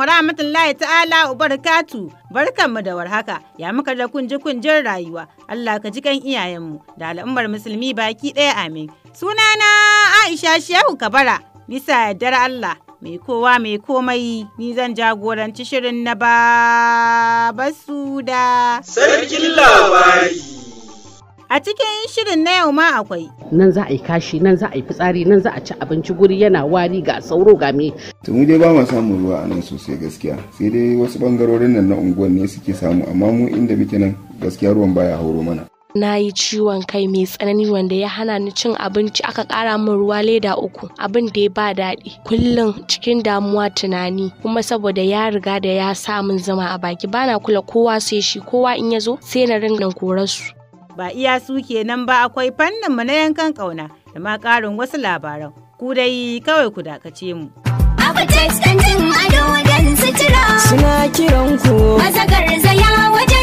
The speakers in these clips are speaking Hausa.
wa rahmatullahi ta'ala wa barakatu. Barkanmu da warhaka, ya muka da kunji kunjin rayuwa. Allah ka ji kan iyayenmu da al'ummar musulmi baki ɗaya amin. Sunana Aisha Shehu Kabara, bisa yardar Allah. Mai kowa mai komai ni zan jagoranci shirin na ba basuda Sarkin labari. A cikin shirin na yau ma akwai. Nan za a yi kashi, nan za a yi fitsari, nan za a ci abinci guri yana wari ga sauro ga me. To mu dai ba mu samun ruwa a nan sosai gaskiya. Sai dai wasu bangarorin nan na unguwan ne suke samu amma mu inda muke nan gaskiya ruwan baya hauro mana. na yi ciwon kai mai tsanani wanda ya hana ni cin abinci aka kara min ruwa leda uku abin da ya ba daɗi kullum cikin damuwa tunani kuma saboda ya riga da ya sa min zama a baki bana kula kowa sai shi kowa in ya zo sai na ringa korarsu Ba iya su kenan ba akwai fannin mu na yankan ƙauna da ma ƙarin wasu labaran. Ku dai kawai ku dakace mu. Suna kiran ku. Maza garzaya waje.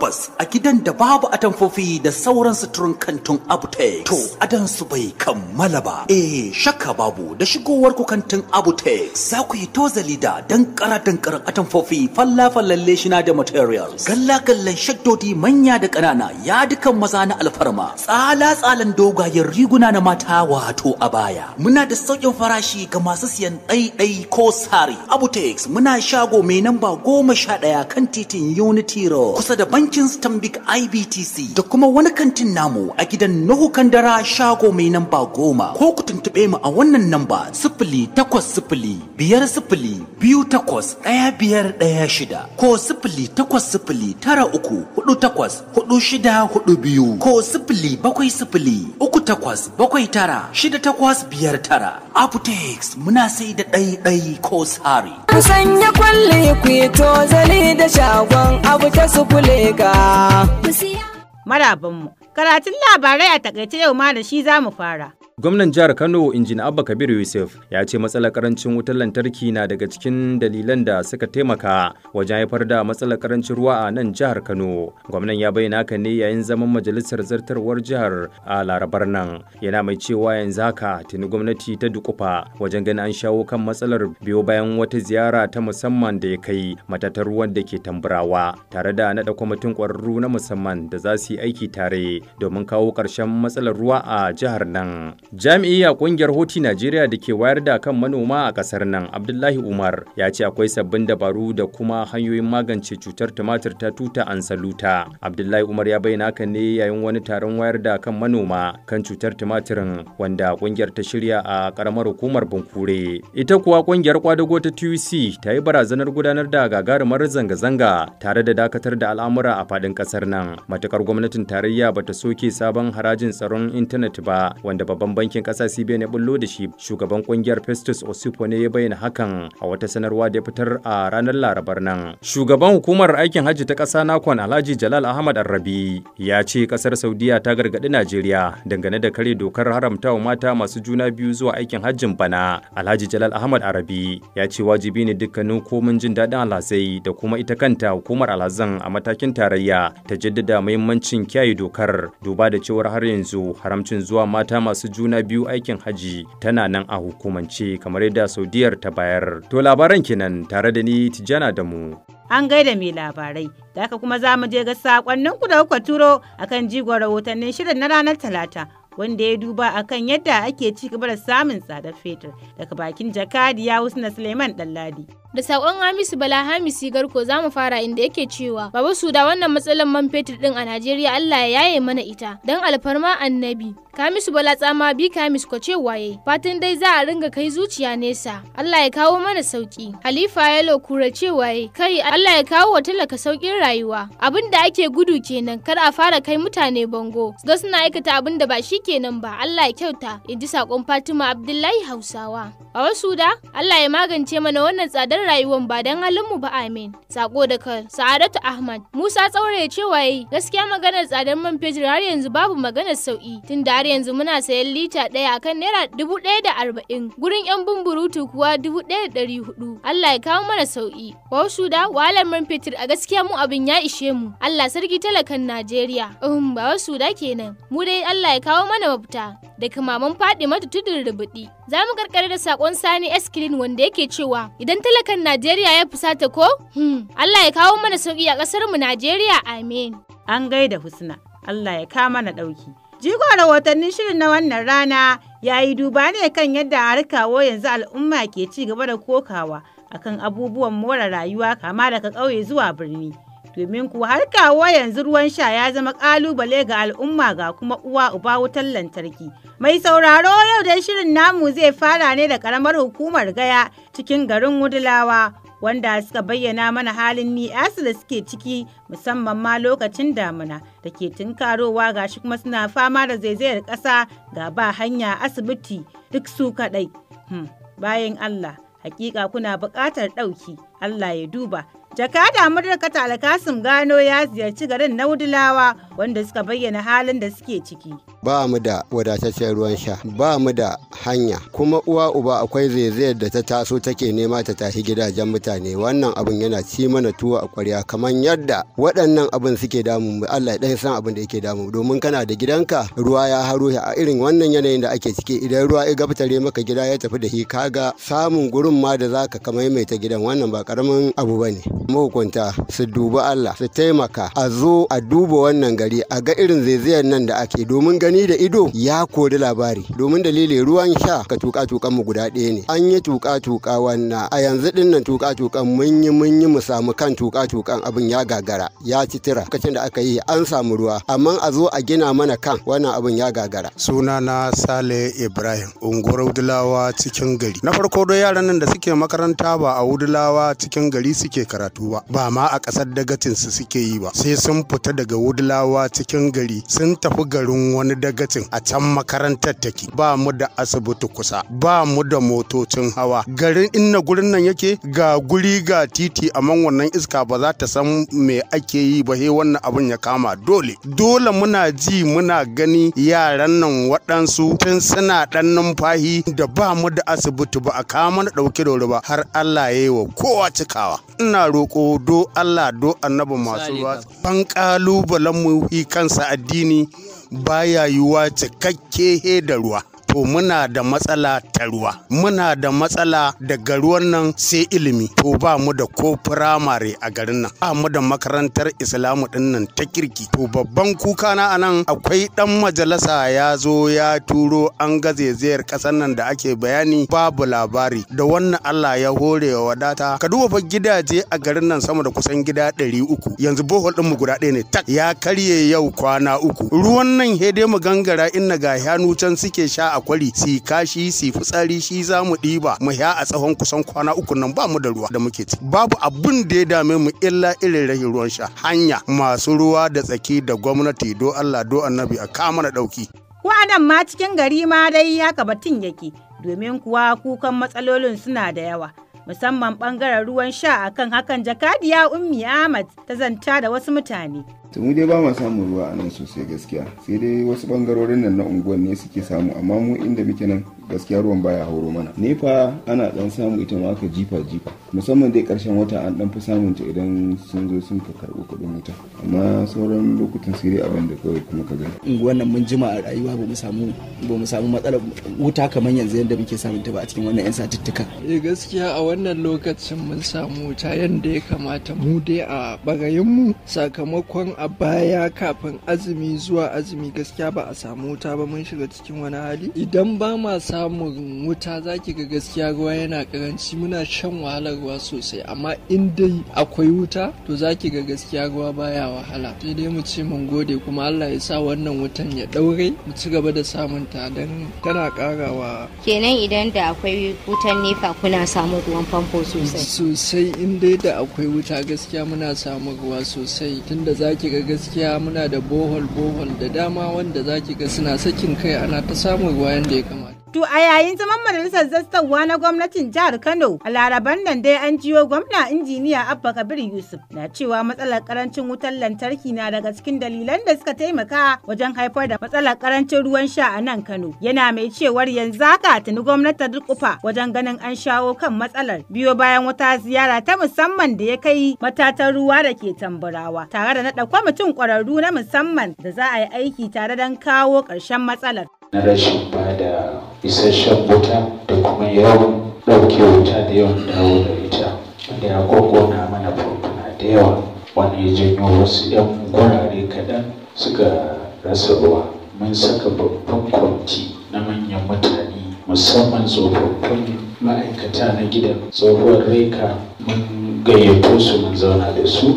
tabbas a gidan da babu atamfofi da sauran suturin kantin abutex to adan su bai kammala ba eh shakka babu da shigowar ku kantin abutex za ku yi tozali da dankara dankaran atamfofi falla fallan leshina da materials galla gallan shaddodi manya da ƙanana ya dukan maza na alfarma tsala tsalan dogayen riguna na mata wato a baya muna da sauƙin farashi ga masu siyan ɗaiɗai ko sari abutex muna shago mai namba goma sha ɗaya kan titin unity road kusa da banki yankin Stambik IBTC da kuma wani kantin namu a gidan Nuhu Kandara shago mai namba goma ko ku tuntuɓe mu a wannan namba sifili takwas sifili biyar sifili biyu takwas ɗaya biyar ɗaya shida ko sifili takwas sifili tara uku hudu takwas hudu shida hudu biyu ko sifili bakwai sifili uku takwas bakwai tara shida takwas biyar tara. Apotex muna sai da ɗai ɗai ko sari. sanya kwalli ku yi tozali da shagon abu ta sufule ga. Marabinmu, karatun labarai a takaice yau ma da shi za mu fara. Gwamnan jihar Kano Injin Abba Kabir Yusuf ya ce matsalar karancin wutar lantarki na daga cikin dalilan da suka taimaka wajen haifar da matsalar karancin ruwa a nan jihar Kano. Gwamnan ya bayyana haka ne yayin zaman majalisar zartarwar jihar a Larabar nan. Yana mai cewa yanzu haka tuni gwamnati ta dukufa wajen ganin an shawo kan matsalar biyo bayan wata ziyara ta musamman da ya kai matatar ruwan da ke tamburawa tare da naɗa kwamitin ƙwararru na musamman da za su yi aiki tare domin kawo ƙarshen matsalar ruwa a jihar nan. Jami'i a kungiyar Hoti Najeriya da ke wayar da kan manoma a kasar nan Abdullahi Umar ya ce akwai sabbin dabaru da kuma hanyoyin magance cutar tumatir ta tuta an saluta. Abdullahi Umar ya bayyana haka ne yayin wani taron wayar da kan manoma kan cutar tumatirin wanda kungiyar ta shirya a karamar hukumar Bunkure. Ita kuwa kungiyar kwadago ta TUC ta yi barazanar gudanar da gagarumar zanga-zanga tare da dakatar da al'amura a faɗin kasar nan. Matukar gwamnatin tarayya bata soke sabon harajin tsaron intanet ba wanda babban bankin kasa CBN ya bullo da shi shugaban kungiyar Festus Osifo ne ya bayyana hakan a wata sanarwa da fitar a ranar Larabar nan. Shugaban hukumar aikin hajji ta ƙasa Nakon Alhaji Jalal Ahmad Arabi ya ce ƙasar Saudiya ta gargaɗi Najeriya dangane da kare dokar haramtawa mata masu juna biyu zuwa aikin hajjin bana. Alhaji Jalal Ahmad Arabi ya ce wajibi ne dukkanin komin jin daɗin alhazai da kuma ita kanta hukumar alhazan a matakin tarayya ta jaddada muhimmancin kiyaye dokar duba da cewar har yanzu haramcin zuwa mata masu juna juna biyu aikin hajji tana nan a hukumance kamar yadda saudiyar ta bayar to labaran kenan tare da ni tijana da mu an gaida mai labarai da aka kuma za mu je ga sakonnin ku da kuka turo akan jigon rahotannin shirin na ranar talata wanda ya duba akan yadda ake ci gaba da samun tsadar fetur daga bakin jakadiya husna suleiman ɗanladi Da saƙon Hamisu Bala ya Garko za mu fara inda yake cewa Baba Suda wannan matsalar man fetur din a Najeriya Allah ya yaye mana ita don alfarma annabi. Kamisu Bala tsama bi Kamis ko ce waye fatan dai za a ringa kai zuciya nesa Allah ya kawo mana sauki. Halifa ya lokura ce waye kai Allah ya kawo wa talaka saukin rayuwa. Abin da ake gudu kenan kar a fara kai mutane bango. Ga suna aikata abin da ba shi kenan ba Allah ya kyauta in ji sakon Fatima Abdullahi Hausawa. A wasu da Allah ya magance mana wannan tsadar don rayuwar ba don halinmu ba amin. Sako daga Sa'adatu Ahmad. Musa ya cewa yi gaskiya maganar tsadar man fetur har yanzu babu maganar sauki da har yanzu muna sayan lita ɗaya akan naira dubu ɗaya da arba'in gurin yan bumburutu kuwa dubu ɗaya da ɗari hudu. Allah ya kawo mana sauki. Wasu da wahalar man fetur a gaskiya mu abin ya ishe mu. Allah sarki talakan Najeriya. Um ba wasu da kenan. Mu dai Allah ya kawo mana mafita. kamaman fadi mata tudun rubuɗi. Za mu karkare da sakon Sani Eskilin wanda yake cewa idan talaka kan Najeriya ya fusata ko? Hmm. Allah ya kawo mana sauki a mu Najeriya amin. An gaida Husna, Allah ya kawo mana ɗauki. Jigo rahotannin shirin na wannan rana ya yi duba ne kan yadda a harkawo yanzu al'umma ke ci gaba da kokawa akan abubuwan more rayuwa kama daga ƙauye zuwa birni. domin kuwa har kawo yanzu ruwan sha ya zama kalubale ga al'umma ga kuma uwa uba wutar lantarki. Mai sauraro yau dai shirin namu zai fara ne da karamar hukumar gaya cikin garin Wudulawa wanda suka bayyana mana halin ni da suke ciki musamman ma lokacin damina da ke tunkarowa shi kuma suna fama da zaizayar ƙasa ga ba hanya asibiti duk su kaɗai. Hmm, bayan Allah, hakika kuna buƙatar ɗauki, Allah ya duba. Jakada Amurka Alkasim Gano ya ziyarci garin na wudulawa wanda suka bayyana halin da suke ciki. Ba mu da wadataccen ruwan sha, ba mu da hanya, kuma uwa uba akwai zaizayar da ta taso take nema ta tashi gidajen mutane wannan abin yana ci mana tuwo a kwarya kamar yadda waɗannan abin suke damu mu Allah ɗan san abin da yake damu domin kana da gidanka ruwa ya haro a irin wannan yanayin da ake ciki idan ruwa ya gabtare maka gida ya tafi da shi kaga samun gurin ma da zaka ka maimaita gidan wannan ba karamin abu bane. mahukunta su duba Allah su taimaka a zo a duba wannan gari a ga irin zaizayar nan da ake domin gani da ido ya kori labari domin dalili ruwan sha ka tuka tukan mu guda ɗaya ne an yi tuka tuka wannan a yanzu din nan tuka tukan mun yi mun yi mu samu kan tuka tukan abin ya gagara ya ci tira da aka yi an samu ruwa amma a zo a gina mana kan wannan abin ya gagara sunana Sale Ibrahim unguwar Wudulawa cikin gari na farko dai yaran nan da suke makaranta ba a Wudulawa cikin gari suke karatu karatu ba ma a ƙasar dagacin su suke yi ba sai sun fita daga wudlawa cikin gari sun tafi garin wani dagacin a can makarantar take ba mu da asibiti kusa ba mu da motocin hawa garin inna gurin nan yake ga guri ga titi amma wannan iska ba za ta san me ake yi ba he wannan abin ya kama dole dole muna ji muna gani yaran nan waɗansu tun suna ɗan numfahi da ba mu da asibiti ba a kama na ɗauki da ba har Allah ya yi wa kowa cikawa ina roƙo do Allah do annabi masu ruwa ban ƙalubalen mu kansa addini baya yiwuwa cikakke da ruwa to muna da matsala ta ruwa muna da matsala daga ruwan nan sai ilimi to ba mu da ko firamare a garin nan ba mu da makarantar islamu din nan ta kirki to babban kuka na anan akwai dan majalisa ya zo ya turo an ga gazezayar kasar nan da ake bayani babu labari da wannan Allah ya hore wa wadata ka duba fa gidaje a garin nan sama da kusan gida 300 yanzu bohol din mu guda ɗaya ne tak ya karye yau kwana uku ruwan nan hede mu gangara inna ga hannu can suke sha a kwari si kashi si fitsari shi za mu ɗiba mu ya a tsawon kusan kwana uku nan ba mu da ruwa da muke ci babu abun da ya dame mu illa irin rahin ruwan sha hanya masu ruwa da tsaki da gwamnati do Allah do annabi a kama na ɗauki. Wa'adan ma cikin gari ma dai haka batun yake domin kuwa kukan matsalolin suna da yawa. musamman bangaren ruwan sha akan hakan jakadiya ummi ahmad ta zanta da wasu mutane to mu dai ba ma samun ruwa a nan sosai gaskiya sai dai wasu bangarorin nan na unguwan ne suke samu amma mu inda muke nan gaskiya ruwan baya hauro mana nefa ana dan samu ita ma aka jifa jifa musamman dai karshen wata an dan fi samun ta idan sun zo sun ka karbo kuɗin wuta amma sauran lokutan sai dai abin da kawai kuma ka gani unguwan nan mun jima a rayuwa ba mu samu ba mu samu matsalar wuta kamar yanzu yadda muke samun ta ba a cikin wannan yan satuttuka eh gaskiya a wannan lokacin mun samu wuta yanda ya kamata mu dai a bagayen mu sakamakon a baya kafin azumi zuwa azumi gaskiya ba a samu wuta ba mun shiga cikin wani hali idan ba ma samun wuta za ki ga gaskiya ruwa yana karanci muna shan wahalar ruwa sosai amma in dai akwai wuta to za ki ga gaskiya ruwa baya wahala sai dai mu ce mun gode kuma Allah ya sa wannan wutan ya daure mu ci gaba da samun ta dan tana karawa kenan idan da akwai wutan nefa kuna samun ruwan famfo sosai sosai in dai da akwai wuta gaskiya muna samun ruwa sosai tunda zaki ga gaskiya muna da bohol bohol da dama wanda za ki ga suna sakin kai ana ta samun ruwa yadda ya kamata To a yayin zaman majalisar zastarwa na gwamnatin jihar Kano a laraban nan dai an jiyo gwamna injiniya Abba Kabir Yusuf na cewa matsalar karancin wutar lantarki na daga cikin dalilan da suka taimaka wajen haifar da matsalar karancin ruwan sha a nan Kano. Yana mai cewar yanzu haka tuni gwamnati ta kufa wajen ganin an shawo kan matsalar biyo bayan wata ziyara ta musamman da ya kai matatan ruwa da ke tamburawa tare da naɗa kwamitin kwararru na musamman da za a yi aiki tare don kawo ƙarshen matsalar. na rashin ba da isasshen wuta da kuma yawan ɗauke wuta da yawan dawo da ita da ya na mana furfuna da yawa wani ya janyo wasu 'yan gurare kaɗan suka rasa ruwa mun saka babban kwamiti na manyan mutane musamman tsofaffin ma'aikata na gidan tsohuwar reka mun gayyato su mun zauna da su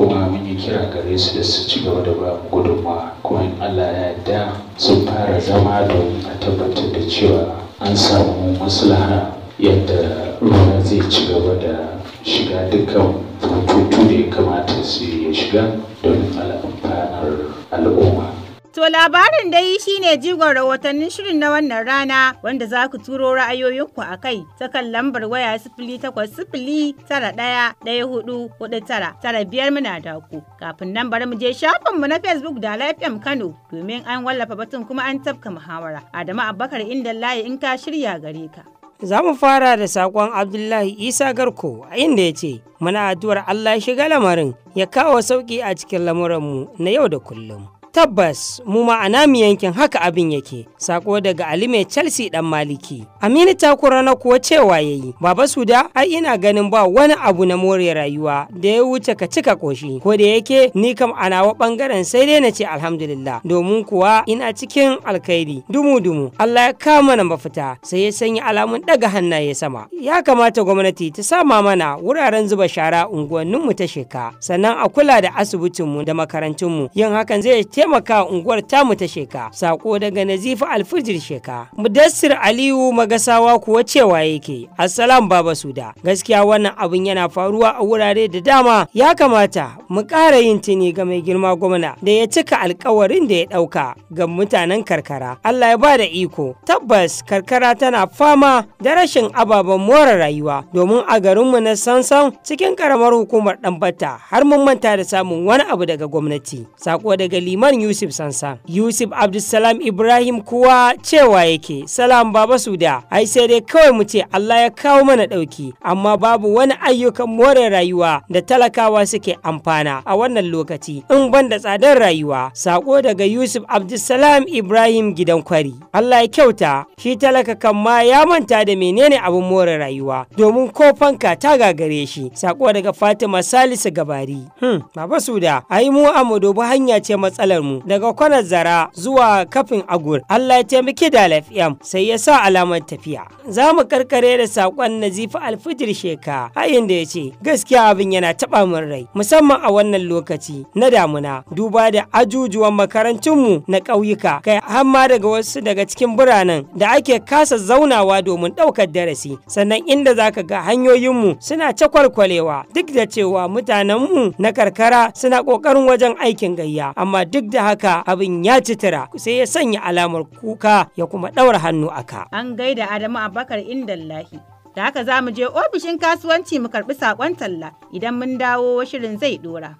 kuma mun yi kira gare su da su ci gaba da ba gudunmawa kuma in Allah ya yarda sun fara zama domin a tabbatar da cewa an samu maslaha yadda ruwa zai ci gaba da shiga dukkan bututu da ya kamata su ya shiga domin al'amfanar al'umma To labarin dai shine jigon rahotannin shirin na wannan rana wanda za ku turo ra'ayoyinku a kai ta kan lambar waya sifili takwas sifili tara ɗaya ɗaya hudu hudu tara tara biyar muna da ku. Kafin nan bari mu je shafinmu na Facebook da Lafiyam Kano domin an wallafa batun kuma an tafka muhawara. Adamu Abubakar inda layi in ka shirya gare ka. Za mu fara da saƙon Abdullahi Isa Garko a inda ya ce, Muna addu'ar Allah shiga lamarin ya kawo sauƙi a cikin lamuranmu na yau da kullum. Tabbas mu ma a namu yankin haka abin yake. Sako daga Ali mai Chelsea dan Maliki. Aminu takura na kuwa cewa yi. Baba Suda ai ina ganin ba wani abu na more rayuwa da ya wuce ka cika koshi. Ko da yake ni kam a nawa bangaren sai dai na ce alhamdulillah domin kuwa ina cikin alkhairi dumu dumu. Allah ya kama na mafita sai ya sanya alamun daga hannaye sama. Ya kamata gwamnati ta sama mana wuraren zuba shara unguwanninmu ta sheka. Sannan a kula da asibitinmu da makarantunmu. Yin hakan zai taimaka unguwar tamu ta sheka sako daga nazifa alfijir sheka mudassir aliyu magasawa kuwa cewa yake assalam baba suda gaskiya wannan abin yana faruwa a wurare da dama ya kamata mu ƙara yin tuni ga mai girma gwamna da ya cika alkawarin da ya ɗauka ga mutanen karkara allah ya ba da iko tabbas karkara tana fama da rashin ababen more rayuwa domin a garinmu na sansan cikin karamar hukumar ɗanbata har mun manta da samun wani abu daga gwamnati sako daga liman Usman Yusuf Sansa. Yusuf Abdulsalam Ibrahim kuwa cewa yake salam baba suda ai sai dai kawai mu ce Allah ya kawo mana ɗauki amma babu wani ayyukan more rayuwa da talakawa suke amfana a wannan lokaci in ban da tsadar rayuwa sako daga Yusuf Abdulsalam Ibrahim gidan kwari. Allah ya kyauta shi talaka kan ma ya manta da menene abin more rayuwa domin ko fanka ta gagare shi sako daga Fatima Salisu Gabari. Hmm, baba suda ai mu a hanya ce matsalar mu daga kwanar zara zuwa kafin agur Allah ya taimaki da lafiyam sai ya sa alamar tafiya za mu karkare da sakon nazifi alfijir sheka ayin da ya ce gaskiya abin yana taɓa min rai musamman a wannan lokaci na damuna duba da ajujuwan makarantunmu na ƙauyuka kai har ma daga wasu daga cikin biranen da ake kasa zaunawa domin ɗaukar darasi sannan inda zaka ga hanyoyinmu suna cakwalkwalewa duk da cewa mutanenmu na karkara suna ƙoƙarin wajen aikin gayya amma duk da haka abin ya citira sai ya sanya alamar kuka ya kuma ɗaura hannu a ka. An gaida Adamu Abubakar Indallahi. Da haka za mu je ofishin kasuwanci mu karɓi saƙon talla idan mun dawo shirin zai ɗora.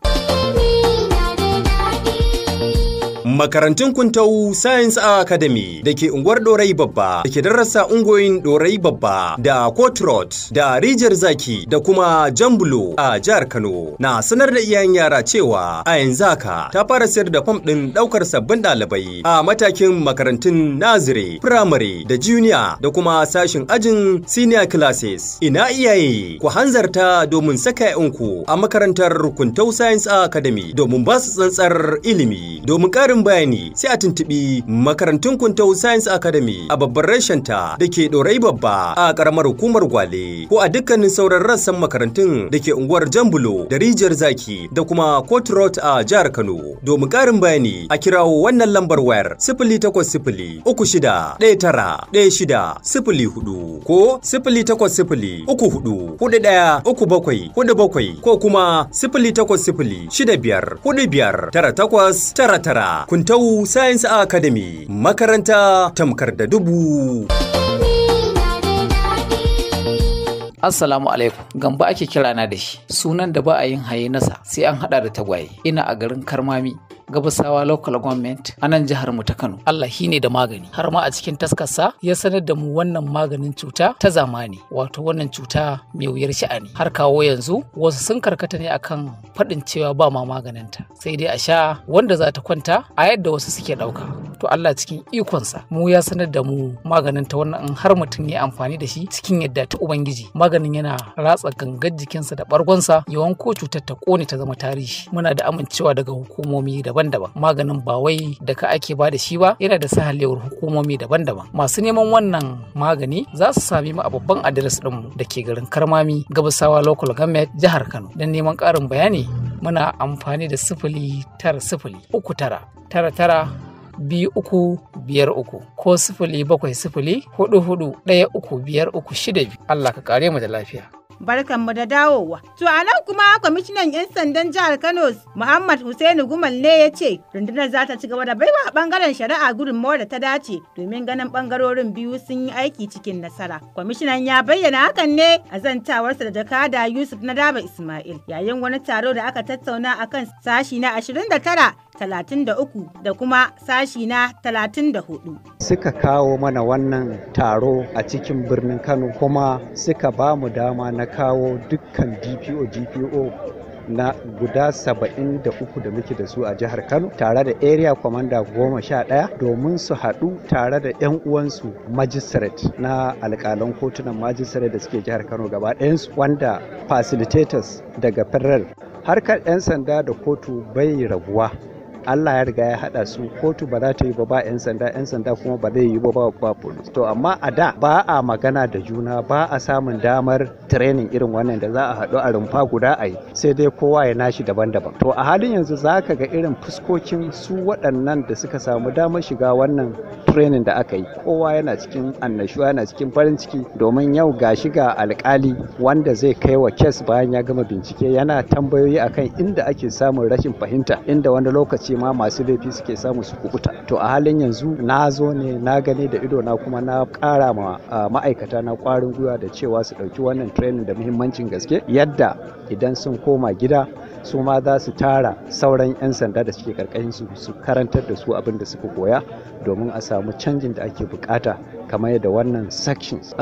Makarantun Kuntau Science Academy da ke unguwar Dorai Babba da ke darasa ungoyin Dorai Babba da Kotrot da Rijiyar Zaki da kuma Jambulo a jihar Kano na sanar da iyayen yara cewa a yanzu haka ta fara sayar da fom ɗin ɗaukar sabbin ɗalibai a matakin makarantun Nazire, Primary da Junior da kuma sashin ajin Senior Classes. Ina iyaye ku hanzarta domin saka 'yanku a makarantar Kuntau Science Academy domin ba su tsantsar ilimi domin ƙarin ƙarin bayani sai a tuntuɓi makarantun Kuntau Science Academy a babbar reshen ta da ke ɗorai babba a ƙaramar hukumar Gwale ko a dukkanin sauran rassan makarantun da ke unguwar Jambulo da Rijiyar Zaki da kuma Court Road a jihar Kano. Domin ƙarin bayani a kirawo wannan lambar wayar sifili takwas sifili uku shida ɗaya tara ɗaya shida sifili hudu ko sifili takwas sifili uku hudu hudu ɗaya uku bakwai hudu bakwai ko kuma sifili takwas sifili shida biyar hudu biyar tara takwas tara tara kuntau science academy makaranta tamkar da dubu Assalamu alaikum. Gamba ake kira na da shi. Sunan da ba a yin haye nasa sai an hada da tagwaye. Ina a garin Karmami, gabasawa local government a nan jihar mu ta Kano Allah shine da magani har ma a cikin taskarsa ya sanar da mu wannan maganin cuta ta zamani wato wannan cuta mai wuyar sha'ani har kawo yanzu wasu sun karkata ne akan faɗin cewa ba ma maganinta sai dai a sha wanda za ta kwanta a yadda wasu suke ɗauka to Allah cikin ikonsa mu ya sanar da mu maganin ta wannan in har mutum ya amfani da shi cikin yadda ta ubangiji maganin yana ratsa gangar jikinsa da bargonsa yawan ko cutar ta kone ta zama tarihi muna da amincewa daga hukumomi daban daban-daban maganin ba wai da ka ake ba da shi ba yana da sahalewar hukumomi daban-daban masu neman wannan magani za su sami mu a babban adres ɗinmu da ke garin karmami gabasawa local government jihar kano don neman ƙarin bayani muna amfani da sifili tara sifili uku tara tara tara biyu uku biyar uku ko sifili bakwai sifili hudu hudu ɗaya uku biyar uku shida biyu Allah ka kare mu da lafiya barkanmu da dawowa. To a nan kuma kwamishinan 'yan sandan jihar Kano Muhammad Hussaini Gumal ne ya ce rundunar za ta ci gaba da baiwa bangaren shari'a gudunmawar da ta dace domin ganin bangarorin biyu sun yi aiki cikin nasara. Kwamishinan ya bayyana hakan ne a zantawarsa da jakada Yusuf na Daba Ismail yayin wani taro da aka tattauna a kan sashi na 29 33 da kuma sashi na 34. Suka kawo mana wannan taro a cikin birnin Kano kuma suka ba mu dama na kawo dukkan dpo dpo na guda 73 da muke da su a jihar kano tare da area commander goma sha ɗaya domin su haɗu tare da 'yan uwansu magistrate na alkalan kotunan magistrate da suke jihar kano gaba ɗayansu wanda facilitators daga federal harkar 'yan sanda da kotu bai rabuwa Allah ya riga ya haɗa su kotu ba za ta yi ba ba 'yan sanda 'yan sanda kuma ba zai yi ba ba ba polis to amma a da ba a magana da juna ba a samun damar training irin wannan da za a haɗu a rumfa guda a yi sai dai kowa ya nashi daban-daban to a halin yanzu za ka ga irin fuskokin su waɗannan da suka samu damar shiga wannan training da aka yi kowa yana cikin annashuwa yana cikin farin ciki domin yau ga shi ga alkali wanda zai kai wa kes bayan ya gama bincike yana tambayoyi akan inda ake samun rashin fahimta inda wani lokaci ma masu laifi suke samu su kubuta to a halin yanzu na zo ne na gani da ido na kuma na kara ma ma'aikata na kwarin gwiwa da cewa su ɗauki wannan training da muhimmancin gaske yadda idan sun koma gida su ma za su tara sauran 'yan sanda da suke karkashin su su karantar da su abin da suka koya domin a samu canjin da ake bukata kamar yadda wannan sections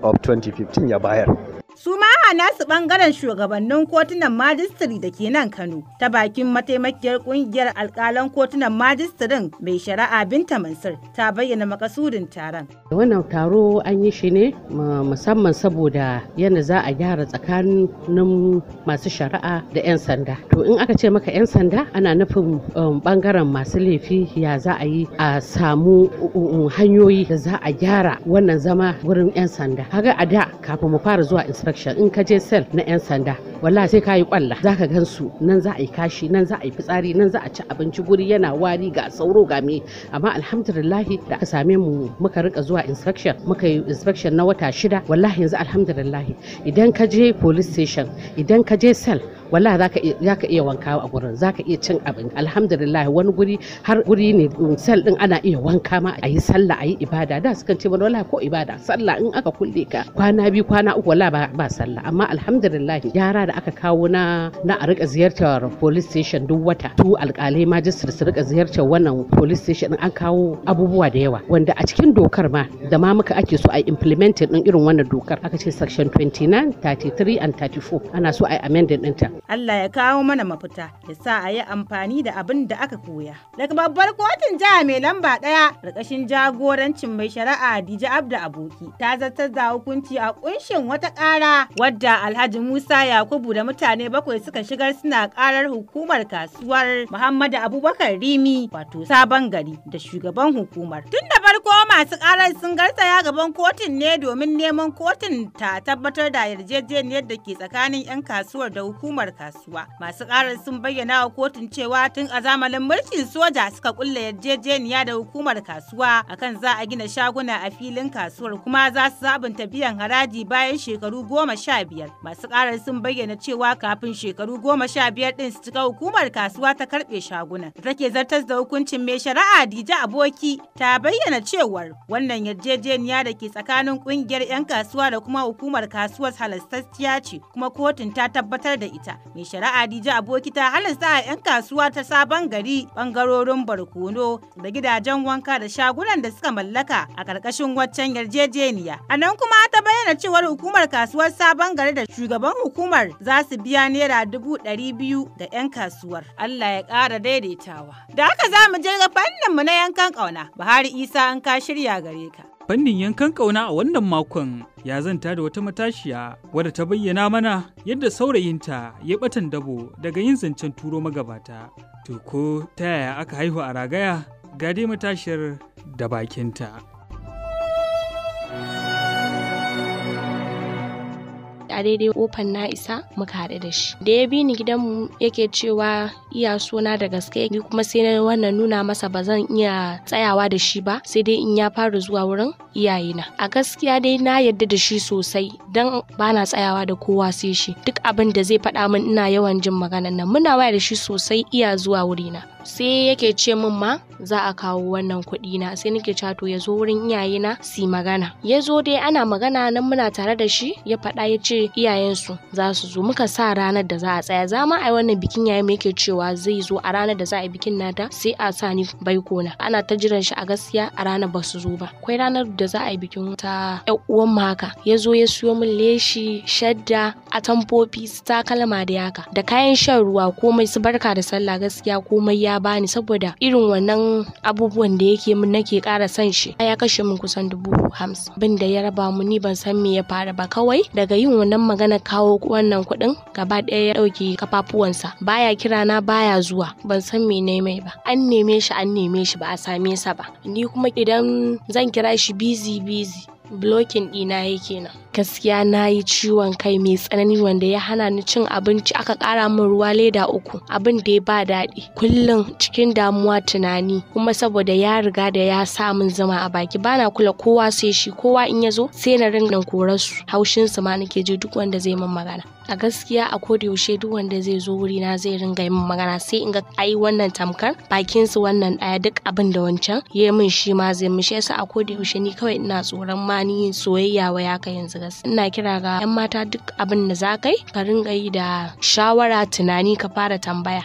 of 2015 ya bayar. Suma a nasu bangaren shugabannin kotunan majistiri da ke nan Kano ta bakin mataimakiyar kungiyar alkalan kotunan majistirin mai shari'a Binta Mansur ta bayyana makasudin taron. Wannan taro an yi shi ne musamman saboda yadda za a gyara tsakanin masu shari'a da 'yan sanda. To in aka ce maka 'yan sanda ana nufin bangaren um, masu laifi ya za a yi a samu um, um, hanyoyi da za a gyara wannan zama wurin 'yan sanda. Kaga a da kafin mu fara zuwa inspection in ka je sel na 'yan sanda wallahi sai ka yi kwalla za ka gan su nan za a yi kashi nan za a yi fitsari nan za a ci abinci guri yana wari ga sauro ga me amma alhamdulillahi da aka same mu muka rika zuwa inspection muka yi inspection na wata shida wallahi yanzu alhamdulillahi idan ka je police station idan ka je cell wallahi za ka iya wanka a gurin za ka iya cin abin alhamdulillah wani guri har guri ne um, cell din ana iya wanka ma a yi sallah a yi ibada da sukan ce mana wallahi ko ibada sallah in aka kulle ka kwana biyu kwana uku wallahi ba sallah amma alhamdulillah yara da aka kawo na na a rika ziyartar police station duk wata tu alkalai majistar su rika ziyartar wannan police station an kawo abubuwa da yawa wanda a cikin dokar ma da ma muka ake so a implementing din irin wannan dokar aka ce section 29 33 and 34 ana so a yi din ta. Allah ya kawo mana mafita ya sa a yi amfani da abin da aka koya. Daga babbar kotun jiha mai lamba ɗaya ƙarƙashin jagorancin mai shari'a Dija Abdu Aboki ta zartar da hukunci a kunshin wata kara wadda Alhaji Musa Yakubu Nubu da mutane bakwai suka shigar suna karar hukumar kasuwar Muhammadu Abubakar Rimi wato sabon gari da shugaban hukumar. Tun da farko masu karar sun garzaya gaban kotun ne domin neman kotun ta tabbatar da yarjejeniyar da ke tsakanin 'yan kasuwar da hukumar kasuwa. Masu karar sun bayyana wa kotun cewa tun a zamanin mulkin soja suka kulle yarjejeniya da hukumar kasuwa akan za a gina shaguna a filin kasuwar kuma za su sabunta biyan haraji bayan shekaru goma sha biyar. Masu karar sun bayyana bayyana cewa kafin shekaru goma sha biyar ɗin su cika hukumar kasuwa ta karɓe shaguna. Da take zartas da hukuncin mai shari'a Dija Aboki ta bayyana cewar wannan yarjejeniya da ke tsakanin ƙungiyar 'yan kasuwa da kuma hukumar kasuwar halastastiya ce kuma kotun ta tabbatar da ita. Mai shari'a Dija Aboki ta halasta a 'yan kasuwa ta sabon gari ɓangarorin barkono da gidajen wanka da shagunan da suka mallaka a karkashin waccan yarjejeniya. A nan kuma ta bayyana cewar hukumar kasuwar sabon gari da shugaban hukumar za su biya naira dubu ɗari biyu da 'yan kasuwar. Allah ya ƙara daidaitawa. Da haka za mu je ga mu na yankan ƙauna. Buhari Isa an ka shirya gare ka. Fannin yankan ƙauna a wannan makon ya zanta da wata matashiya wadda ta bayyana mana yadda saurayinta ya ɓatan dabo daga yin zancen turo magabata. To ko ta yaya aka haihu a ragaya ga dai matashiyar da bakinta. a daidai kofan na isa muka haɗu da shi da ya bi ni mu yake cewa iya suna da gaske ni kuma sai na wannan nuna masa ba zan iya tsayawa da shi ba sai dai in ya fara zuwa wurin iyayena a gaskiya dai na yadda da shi sosai dan bana tsayawa da kowa sai shi duk abin da zai faɗa min ina yawan jin maganan nan muna waya da shi sosai iya zuwa wurina sai yake ce min ma za a kawo wannan kuɗi na sai nake cato to ya zo wurin iyayena si magana ya zo dai ana magana nan muna tare da shi ya faɗa ya ce iyayensu za su zo muka sa ranar da za a tsaya za ma yi wannan bikin yayin mu yake cewa zai zo a ranar da za a yi bikin nata sai a sa ni baiko na ana ta jiran shi a gaskiya a ranar ba su zo ba akwai ranar da za a yi bikin ta yan uwan haka. ya zo ya siyo min leshi shadda a atamfofi su ta takalma da yaka da kayan shan ruwa komai su barka da sallah gaskiya komai ya bani saboda irin wannan abubuwan da yake min nake kara san shi ya kashe min kusan dubu hamsin bin da ya raba mu ni ban san me ya fara ba kawai daga yin wannan magana kawo wannan kuɗin gaba ɗaya ya ɗauke kafafuwansa baya kira na baya zuwa ban san me ne mai ba an neme shi an neme shi ba a same sa ba ni kuma idan zan kira shi bi. busy busy blocking ɗina yake nan. gaskiya na yi ciwon kai mai tsanani wanda ya hana ni cin abinci aka kara min ruwa leda uku abin da ya ba daɗi kullum cikin damuwa tunani kuma saboda ya riga da ya sa min zama a baki bana kula kowa sai shi kowa in ya zo sai na ringa korar su haushin su ma nake ji duk wanda zai min magana a gaskiya a koda yaushe duk wanda zai zo wuri na zai ringa yin magana sai in ga ai wannan tamkar bakin su wannan ɗaya duk abin da wancan ya min shi ma zai shi yasa a koda yaushe ni kawai ina tsoron ma ni soyayya wa ya ka yanzu gas ina kira ga 'yan mata duk abin da za yi. ka ringa yi da shawara tunani ka fara tambaya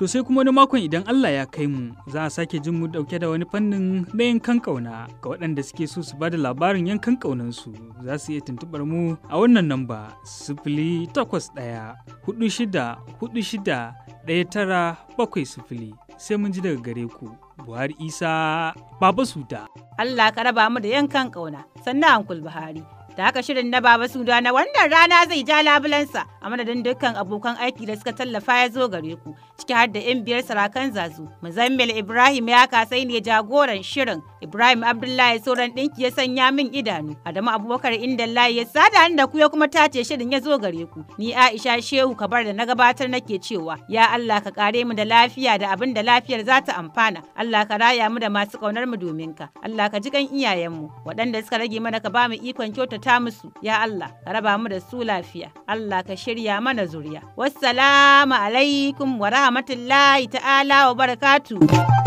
To sai kuma wani makon idan Allah ya kai mu za a sake jin mu dauke da wani fannin na yankan kauna ga waɗanda suke so su bada labarin yankan kaunansu za su iya tuntubar mu a wannan namba sifili takwas ɗaya hudu shida hudu shida ɗaya tara bakwai sifili sai mun ji daga gare ku. Buhari Isa Baba Suda. Allah ka raba mu da yankan ƙauna, sannan Ankul Buhari. Da haka shirin na Baba Suda na wannan rana zai ja labulansa a madadin dukkan abokan aiki da suka tallafa ya zo gare ku ciki har da 'yan biyar sarakan zazu. Muzammil Ibrahim ya kasai ne jagoran shirin. Ibrahim Abdullahi sauran ɗinki ya sanya min idanu. Adamu Abubakar inda Indallahi ya sada da ku ya kuma tace shirin ya zo gare ku. Ni Aisha Shehu ka bar da na gabatar nake cewa ya Allah ka kare mu da lafiya da abin da lafiyar za ta amfana. Allah ka raya mu da masu ƙaunar mu domin ka. Allah ka ji kan iyayenmu waɗanda suka rage mana ka ba mu ikon kyautata gafarta musu ya Allah ka raba mu da su lafiya Allah ka shirya mana zuriya wassalamu alaikum wa rahmatullahi ta'ala wa barakatuh